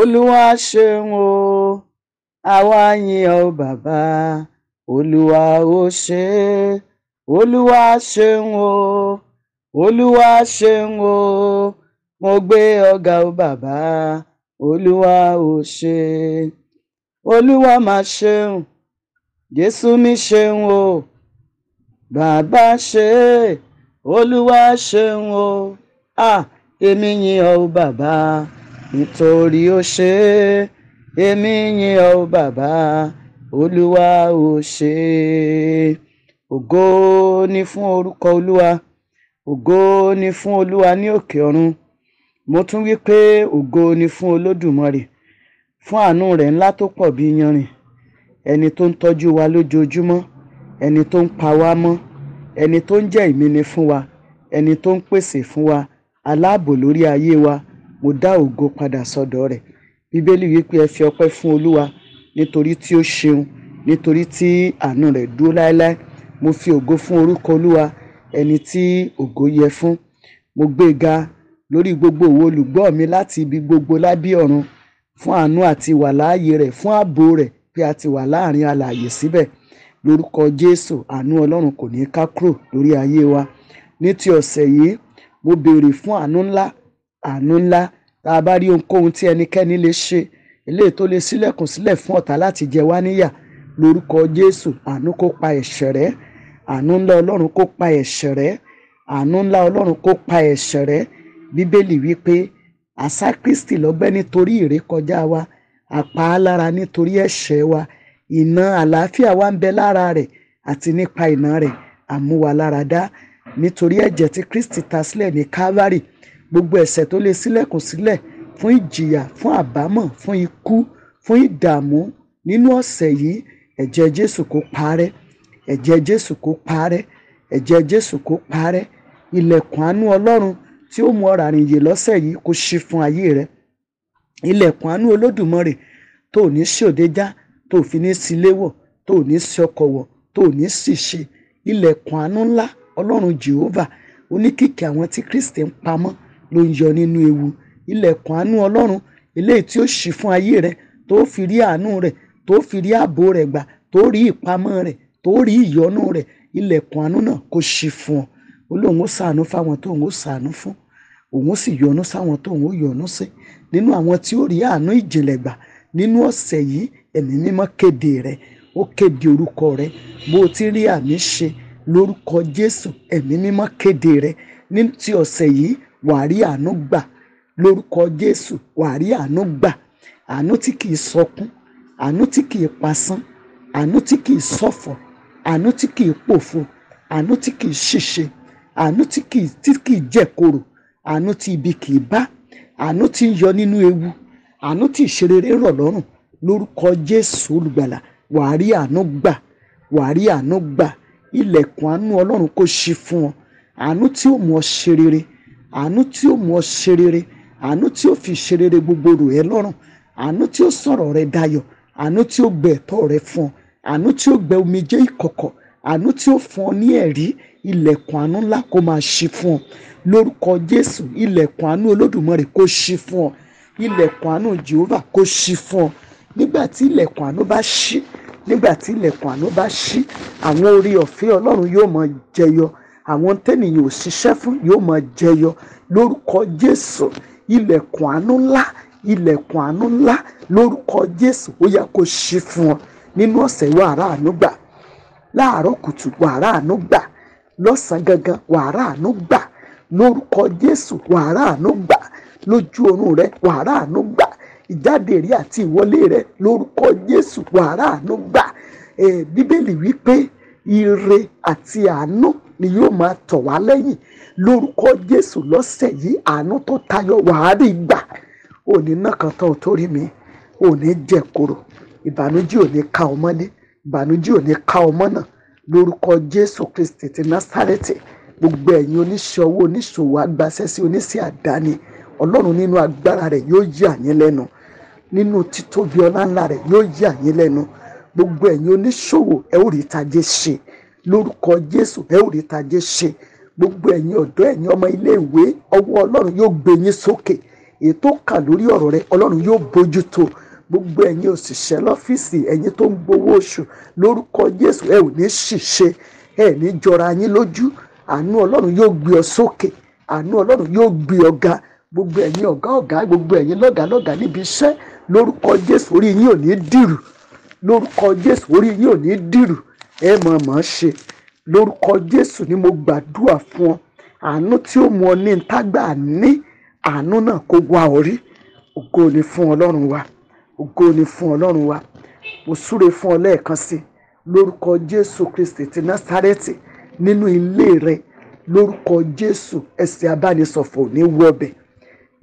olúwa ṣeun o àwa yìn ọ́ bàbá olúwa ó ṣe é olúwa ṣeun o olúwa ṣeun o mo gbé ọ̀gá o bàbá olúwa ó ṣe é olúwa mà ṣeun jésù mi ṣeun o bàbá ṣe é olúwa ṣeun o à èmi yìn ọ́ bàbá nítorí ó ṣe é èmi yìn ọ́ bàbá olúwa ó ṣe é ògo ni fún orúkọ olúwa ògo ni fún olúwa ní òkè ọ̀run mo tún wí pé ògo ni fún olódùmarè fún àánú rẹ̀ ńlá tó pọ̀ bí yanrìn ẹni tó ń tọ́jú wa lójoojúmọ́ ẹni tó ń pa wá mọ́ ẹni tó ń jẹ́ ìmíní fún wa ẹni tó ń pèsè fún wa aláàbò lórí ayé wa mo dá ògo padà sọ́dọ̀ rẹ̀ bíbélì wípé ẹ fi ọpẹ́ fún olúwa nítorí tí ó ṣeun nítorí tí àánú rẹ̀ dúró láéláé mo fi ògo fún orúkọ olúwa ẹni tí ògo yẹ fún mo gbé e ga lórí gbogbo òwò olùgbọ́ mi láti ibi gbogbo lábí ọ̀run fún àánú àti wà láàyè rẹ̀ fún ààbò rẹ̀ pé a ti wà láàrin alààyè síbẹ̀ lórúkọ jésù àánú ọlọ́run kò ní ká kúrò lórí ayé wa ní ti ọ̀sẹ̀ yìí mo béèrè fún àánú ńlá àánú ńlá tá a bá rí ohunkóhun tí ẹnikẹ́ni lè ṣe eléyìí tó lè ṣílẹ̀kùn sílẹ̀ fún ọ̀tá láti jẹ wá níyà lórúkọ jésù àánú kó pa ẹ̀ṣẹ̀ rẹ́ àánú ńlá ọlọ́run kó pa ẹ̀ṣẹ̀ rẹ́ àánú ńlá ọlọ́run kó pa ẹ̀ṣẹ̀ rẹ́ bíbélì wípé àṣà kristi lọ́gbẹ́ nítorí ìrékọjá wa àpá lára nítorí ẹ̀ṣẹ̀ wa ìná àlàáfíà wa ń bẹ lára rẹ̀ àti nípa ìná rẹ̀ àmúwa nítorí ẹ̀jẹ̀ tí kristi ta sílẹ̀ ní calvary gbogbo ẹ̀ṣẹ̀ tó lè ṣílẹ̀kùn sílẹ̀ fún ìjìyà fún àbámọ̀ fún ikú fún ìdààmú nínú ọ̀sẹ̀ yìí ẹ̀jẹ̀ jésù kó parẹ́ ẹ̀jẹ̀ jésù kó parẹ́ ẹ̀jẹ̀ jésù kó parẹ́ ilẹ̀kùn àánú ọlọ́run tí ó mú ọ̀rọ̀ àrìnyè lọ́sẹ̀ yìí kó ṣí fún ayé rẹ ilẹ̀kùn àánú olódùmarè tó ò ní sí òde já tó ò fi ní sí ilé wọ̀ tó ò ní sí ọkọ̀ wọ̀ tó ò ní sì ṣe ilẹ̀kùn àánú ńlá ọlọ́run jehovah oníkìkì àwọn tí kristi ń pamọ́ ló ń yọ nínú ewu ilẹ̀kùn àánú ọlọ́run eléyìí tí ó ṣí fún ayé rẹ tó fi rí àánú rẹ tó fi rí ààbò rẹ gbà tó rí ìpamọ́ rẹ tó rí ìyọ́nú rẹ ilẹ̀kùn àánú náà kó ṣí fún ọ ó lóun ó ṣàánú fáwọn tóun ó ṣàánú fún òun ó sì yọ́nú sáwọn tóun ó yọ́nú sí nínú àwọn tí ó rí àánú ìjìnlẹ̀ gbà nínú ọ̀sẹ̀ yìí ẹ̀mí mímọ́ kéde rẹ ó kéde orúkọ rẹ bó ti rí àmì ṣe lórúkọ jésù ẹ̀mí mímọ́ kéde rẹ ní ti ọ̀sẹ̀ yìí wàá rí àánú gbà lórúkọ Jésù wàá rí àánú gbà àánú tí kìí sọkún àánú tí kìí pasán àánú tí kìí ṣọ̀fọ̀ àánú tí kìí pòfo àánú tí kìí ṣìṣe àánú tí kìí tí kìí jẹ̀koro àánú tí ibi kìí bá àánú tí ń yọ nínú ewu àánú tí ìṣerere rọ̀ lọ́rùn lórúkọ Jésù olùgbàlà wàá àánú gbà wàá àánú gbà ilẹ̀kùn àánú Ọlọ́run kò ṣí fún ọ àánú tí ó mú ọ ṣe àánú tí ó mú ọ ṣe rere àánú tí ó fi ṣe rere gbogbo rò ẹ lọ́rùn àánú tí ó sọ̀rọ̀ rẹ dayọ̀ àánú tí ó gbẹ ẹ̀tọ́ rẹ fún ọ àánú tí ó gbẹ omijé ìkọ̀kọ̀ àánú tí ó fún ọ ní ẹ̀rí ilẹ̀kùn àánú ńlá kó máa ṣí fún ọ lórúkọ Jésù ilẹ̀kùn àánú Olódùmarè kó ṣí fún ọ ilẹ̀kùn àánú Jehovah kó ṣí fún ọ nígbà tí ilẹ̀kùn àánú bá ṣí nígbà tí ilẹ̀kùn àánú bá ṣí àwọn orí ọ̀fẹ́ Ọlọ́run yóò máa jẹyọ àwọn tẹ́nìyàn ò ṣiṣẹ́ fún yóò máa jẹyọ lórúkọ Jésù ilẹ̀kùn àánú ńlá ilẹ̀kùn àánú ńlá lórúkọ Jésù ó yẹ kó ṣí fún ọ nínú ọ̀sẹ̀ wàrà àánú gbà láàárọ̀ kùtù wàrà àánú gbà lọ́sàn-án gangan wàrà àánú gbà lórúkọ Jésù wàrà àánú gbà lójú oorun rẹ wàrà àánú gbà ìjáde rẹ àti ìwọlé rẹ lórúkọ Jésù wàrà àánú gbà bíbélì wípé ire àti àánú ni yóò máa tọ̀ wá lẹ́yìn lórúkọ Jésù lọ́sẹ̀ yìí àánú tó tayọ wàhálì gbà òní náà kan tán ò torí mi òní jẹ koro ìbànújẹ́ òní ká ọ mọ́lé ìbànújẹ́ òní ká ọ mọ́nà lórúkọ Jésù Kristi ti Násárẹ́tì gbogbo ẹ̀yin oníṣòwò oníṣòwò agbásẹ́sí oníṣẹ́ àdáni ọlọ́run nínú agbára rẹ̀ yóò yà yín lẹ́nu nínú títóbi ọlá rẹ̀ yóò yà yín lẹ́nu gbogbo ẹ̀yin oníṣòwò ẹ ó rí tajé ṣe lórúkọ jésù ẹ ó rí tajé ṣe gbogbo ẹ̀yin ọ̀dọ́ ẹ̀yin ọmọ iléèwé ọwọ́ ọlọ́run yóò gbé yín sókè ètò kà lórí ọ̀rọ̀ rẹ ọlọ́run yóò bójú tó gbogbo ẹ̀yin òṣìṣẹ́ lọ́fíìsì ẹ̀yin tó ń gbowó oṣù lórúkọ jésù ẹ ò ní ṣìṣe ẹ ní jọra yín lójú àánú ọlọ́run yóò gbé ọ sókè àánú ọlọ́run yóò gbé ọ ga gbogbo ẹ̀yin ọ̀gá ọ̀gá gbogbo ẹ̀yin lọ́gàá níbi iṣẹ́ lórúkọ jésù orí yín ò ní dìrù lórúkọ jésù orí yín ò ní dìrù ẹ mọ̀ mọ̀ ṣe lórúkọ jésù ni mo gbàdúrà fún ọ àánú tí ó mú ọ ní ntágbà ní àánú náà kó wá orí ògo ni fún ọlọ́run wa ògo ni fún ọlọ́run wa mo súre fún ọ lẹ́ẹ̀kan sí lórúkọ jésù kristi ti násárẹ́tì nínú ilé rẹ lórúkọ jésù ẹsẹ̀ abánisọ̀fọ̀ ò ní wọbẹ̀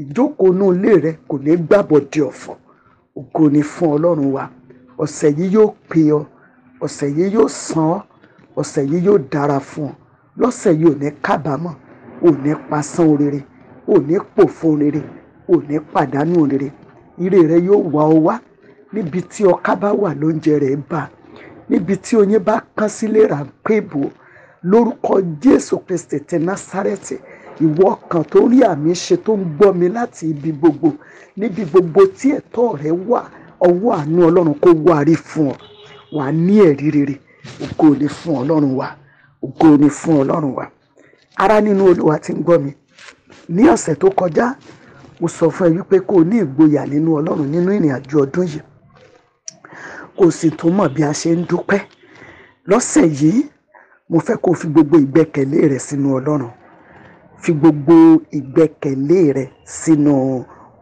ìjókòó inú ilé rẹ kò ní gbàbọ̀dì ọ̀fọ̀ ògo ni fún ọlọ́run wa ọ̀sẹ̀ yìí yóò pè ọ́ ọ̀sẹ̀ yìí yóò sàn ọ́ ọ̀sẹ̀ yìí yóò dára fún ọ lọ́sẹ̀ yìí ò ní kábàámọ̀ ò ní pasán orire ò ní pòfo orire ò ní pàdánù orire ire rẹ yóò wá ọ wá níbi tí ọká bá wà lóúnjẹ rẹ bá níbi tí oyin bá kán sílé ráńpẹ́ bò lórúkọ Jésù Kristi ti Násárẹ́tì ìwọ kan tó rí àmì ṣe tó ń gbọ́ mi láti ibi gbogbo níbi gbogbo tí ẹ̀tọ́ rẹ wà ọwọ́ àánú ọlọ́run kó wárí fún ọ wà ní ẹ̀rí rere ògo ni fún ọlọ́run wa ògo ni fún ọlọ́run wa ará nínú olúwa ti ń gbọ́ mi ní ọ̀sẹ̀ tó kọjá mo sọ fún ẹ wípé kò ní ìgboyà nínú ọlọ́run nínú ìrìn àjò ọdún yìí kò sì tún mọ̀ bí a ṣe ń dúpẹ́ lọ́sẹ̀ yìí mo fẹ́ kó fi gbogbo ìgbẹ́kẹ̀lé rẹ sínú ọlọ́run fi gbogbo ìgbẹ́kẹ̀lé rẹ sínú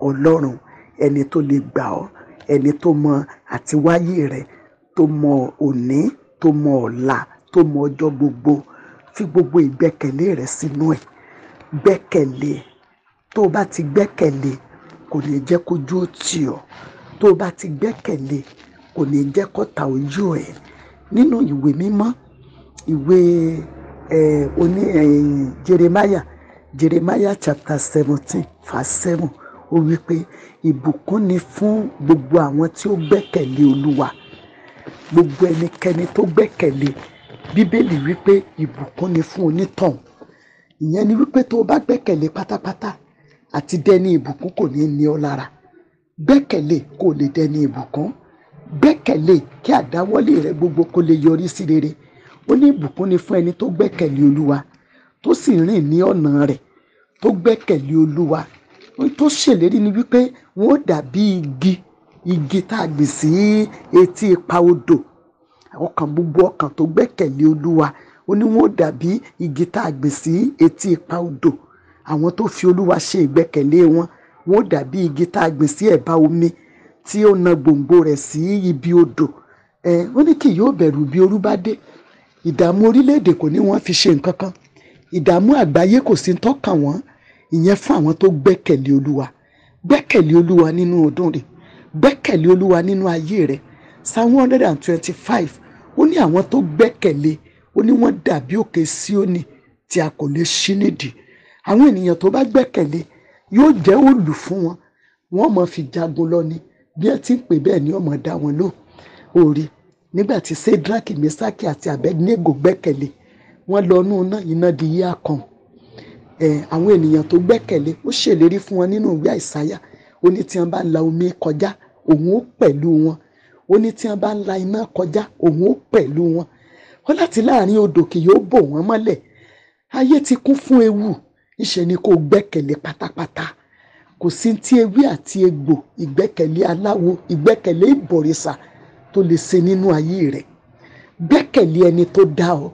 ọlọ́run ẹni tó lè gbà ọ́ ẹni tó mọ àtiwáyé rẹ tó mọ òní tó mọ ọ̀la tó mọ ọjọ́ gbogbo fi gbogbo ìgbẹ́kẹ̀lé rẹ sínú ẹ̀ gbẹ́kẹ̀lé tó bá ti gbẹ́kẹ̀lé kò ní jẹ́ kójú ó tì tó o bá ti gbẹ́kẹ̀lé kò ní jẹ́ kọ́ta ojú ẹ̀ nínú ìwé mímọ́ ìwé ẹ̀ oní ẹ̀ Jeremiah Jeremiah chapter seventeen verse seven ó wí pé ìbùkún ni fún gbogbo àwọn tí ó gbẹ́kẹ̀lé olúwa gbogbo ẹnikẹ́ni tó gbẹ́kẹ̀lé bíbélì wípé ìbùkún ni fún onítọ̀hún ìyẹn ni wípé tó o bá gbẹ́kẹ̀lé pátápátá àti dẹni ìbùkún kò ní ní ọ lára gbẹ́kẹ̀lé kò lè dẹni ìbùkún gbẹ́kẹ̀lé kí àdáwọ́lé rẹ gbogbo kó lè yọrí sí rere ó ní ìbùkún ni fún ẹni tó gbẹ́kẹ̀lé olúwa tó sì rìn ní ọ̀nà rẹ̀ tó gbẹ́kẹ̀lé olúwa ohun tó ṣèlérí ni wípé wọn ó dàbí igi igi tá a gbìn sí etí ipa odò ọkàn gbogbo ọkàn tó gbẹ́kẹ̀lé olúwa ó ní wọn ó dàbí igi tá a gbìn sí etí ipa odò àwọn tó fi olúwa ṣe ìgbẹ́kẹ̀lé wọn wọn ó dàbí igi tá a gbìn sí ẹ̀bá omi tí ó na gbòǹgbò rẹ̀ sí ibi odò ẹ ó ní kì yóò bẹ̀rù bí orú bá dé ìdààmú orílẹ̀-èdè kò ní wọ́n fi ṣe nǹkan kan ìdààmú àgbáyé kò sí tọ́kàn wọ́n ìyẹn fún àwọn tó gbẹ́kẹ̀lé olúwa gbẹ́kẹ̀lé olúwa nínú ọdún rẹ̀ gbẹ́kẹ̀lé olúwa nínú ayé rẹ̀ psalm one hundred and twenty-five ó ní àwọn tó gbẹ́kẹ̀lé ó ní wọ́n dàbí òkè síónì tí a kò lè ṣí nídìí àwọn ènìyàn tó bá gbẹ́kẹ̀lé yóò jẹ́ òòlù fún wọn wọ́n mọ̀ fi jagun lọ ni bí ẹ ti ń pè bẹ́ẹ̀ ni ọmọ dá wọn lò òòrì nígbà tí sedraki mesaki àti abednego gbẹ́kẹ̀lé wọ́n lọ nú iná iná di yíyá kan Eh, àwọn ènìyàn tó gbẹ́kẹ̀lé ó ṣèlérí fún wọn nínú ìwé àìsáyà ó ní tí wọ́n bá ń la omi kọjá òun ó pẹ̀lú wọn ó ní tí wọ́n bá ń la iná kọjá òun ó pẹ̀lú wọn ó láti láàrin odò kì yóò bò wọ́n mọ́lẹ̀ ayé ti kún fún ewu ìṣe ni kò gbẹ́kẹ̀lé pátápátá kò sí ti ewé àti egbò ìgbẹ́kẹ̀lé aláwo ìgbẹ́kẹ̀lé ìbọ̀rìṣà tó lè ṣe nínú ayé rẹ̀ gbẹ́kẹ̀lé ẹni tó dá ọ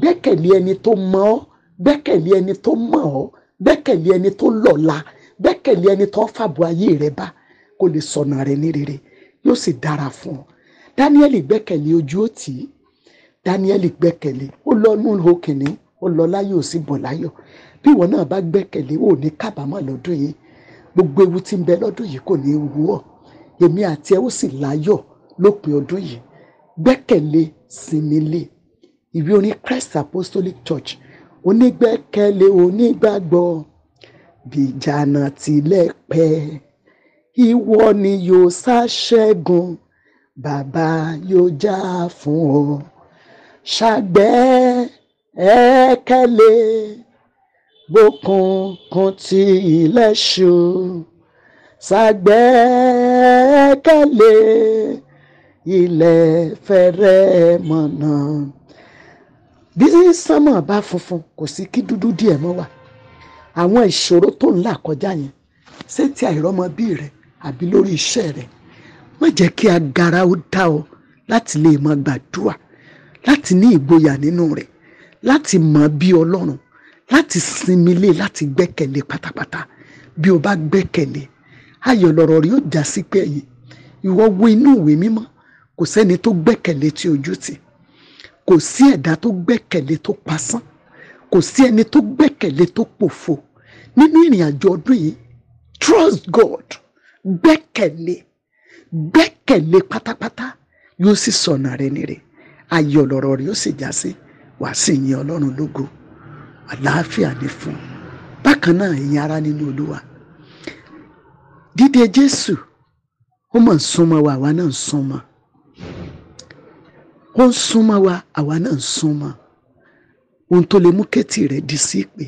gbẹ́kẹ̀lé ẹni tó mọ̀ ọ́ gbẹ́kẹ̀lé ẹni tó mọ̀ ọ́ gbẹ́kẹ̀lé ẹni tó lọ́lá gbẹ́kẹ̀lé ẹni tó fàbọ̀ ayé rẹ bá kó lè sọ̀nà rẹ ní rere yóò sì dára fún ọ dáníẹ́lì gbẹ́kẹ̀lé ojú òtí dáníẹ́lì gbẹ́kẹ̀lé ó lọ nú ihò kìnní ó lọ láyọ̀ ó sì bọ̀ láyọ̀ bí ìwọ náà bá gbẹ́kẹ̀lé ò ní kábàámọ̀ lọ́dún yìí gbogbo ewu tí ń bẹ lọ́dún yìí kò ní wú ọ èmi àti ẹ ó sì láyọ̀ lópin ọdún yìí gbẹ́kẹ̀lé sinmi lé ìwé orin Christ Apostolic Church onígbẹ́kẹ̀lé onígbàgbọ́ bìjànà tilẹ̀pẹ́ ìwọ ni yóò sá ṣẹ́gun bàbá yóò jà fún ọ ṣàgbẹ́kẹ̀lé gbókùnkùn ti ilẹ̀ ṣú ṣàgbẹ́kẹ̀lé ilẹ̀ fẹ́rẹ̀ mọ̀nà bí sánmọ̀ bá funfun kò sí kí dúdú díẹ̀ mọ́ wà àwọn ìṣòro tó ń là kọjá yẹn ṣé ti àìrọ́mọbí rẹ àbí lórí iṣẹ́ rẹ má jẹ́ kí agara ó dá ọ láti lè máa gbàdúrà láti ní ìgboyà nínú rẹ láti mọ̀ bí Ọlọ́run láti sinmi lé láti gbẹ́kẹ̀lé pátápátá bí o bá gbẹ́kẹ̀lé ayọ̀ lọ̀rọ̀ rí ó já sí pé ẹ̀yìn ìwọ wo inú ìwé mímọ́ kò sẹ́ni tó gbẹ́kẹ̀lé tí ojú tì í kò sí ẹ̀dá tó gbẹ́kẹ̀lé tó pasán kò sí ẹni tó gbẹ́kẹ̀lé tó pòfo nínú ìrìn àjò ọdún yìí trust God gbẹ́kẹ̀lé gbẹ́kẹ̀lé pátápátá yóò sì sọ̀nà rẹ nírè ayọ̀ lọ̀rọ̀ rẹ yóò sì já sí wàá sì yin ọlọ́run lógo àlàáfíà ní fún un bákan náà ẹ̀yin ara nínú olúwa dídé jésù ó mọ̀ ń wa àwa náà ń wọ́n ń súnmọ́ wa àwa náà ń súnmọ́ ohun tó lè mú kẹ́tì rẹ̀ di sí ìpè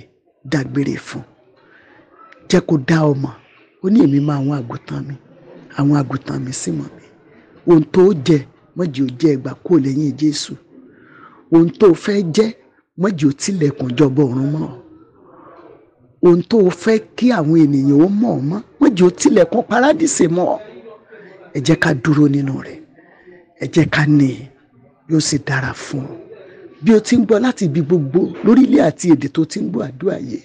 dágbére fún jẹ́ kó dá ọmọ ó ní èmi mọ àwọn àgùntàn mi àwọn àgùntàn mi sì mọ̀ mi ohun tó jẹ mọ́jì ó jẹ́ ẹgbà kó lẹ́yìn Jésù ohun tó fẹ́ jẹ́ mọ́jì ó tilẹ̀kùn jọba ọ̀run mọ́ ohun tó fẹ́ kí àwọn ènìyàn ó mọ̀ ọ́ mọ́ mọ́jì ó tilẹ̀kùn paradíṣe ẹ jẹ́ ká dúró nínú rẹ̀ ẹ jẹ́ ká ní yóò sì dára fún ọ bí o ti ń gbọ́ láti ibi gbogbo lórílẹ̀ àti èdè tó ti ń gbọ́ àdúrà yìí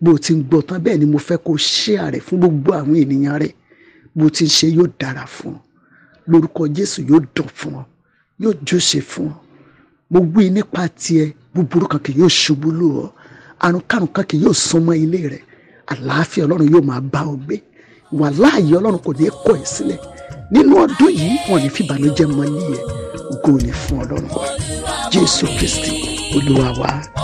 bó o ti ń gbọ́ tán bẹ́ẹ̀ ni mo fẹ́ kó o share rẹ̀ fún gbogbo àwọn ènìyàn rẹ̀ bó o ti ń ṣe yóò dára fún ọ lórúkọ Jésù yóò dùn fún ọ yóò jóṣe fún ọ mo wí nípa tiẹ̀ búburú kan kì yóò ṣubú lù ọ àrùn kan kì yóò sún mọ́ ilé rẹ àlàáfíà Ọlọ́run yóò máa bá ọ gbé wàláàyè Ọlọ́run kò ní kọ̀ ẹ́ sílẹ̀ nínú ọdún yìí wọn ò ní fi ìbànújẹ́ mọ́ ògo ni fún ọlọ́run jésù kristi olúwa wa.